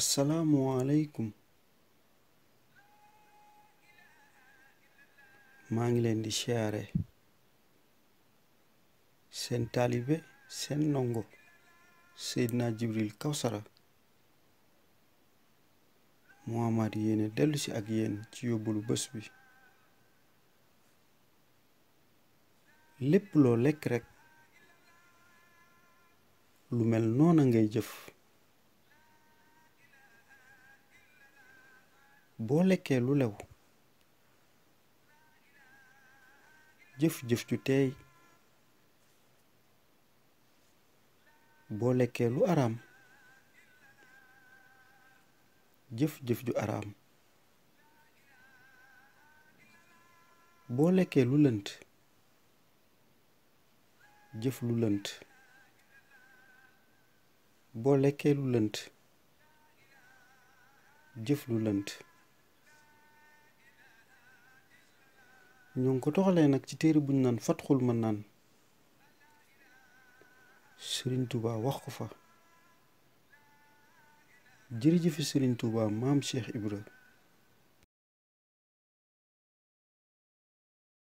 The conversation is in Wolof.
asalaamualeykum maa ngi leen di siyaare seen taalibe seen ndongo Seydina Jibril Kawsara moo amaat dellusi ak yéen ci yóbbalu bés bi lépp loo lekk rekk lu mel noona ngay jëf boo lekkee lu lew jëf-jëf ju teey boo lekkee lu araam jëf-jëf ju araam boo lekkee lu lënt jëf lu lënt boo lekkee lu lënt jëf lu lënt ñoo ngi ko toxalee nag ci téere buñ naan fatxul mën naan sëriñ Touba wax ko fa jërëjëf sëriñ Touba maam Cheikh ibra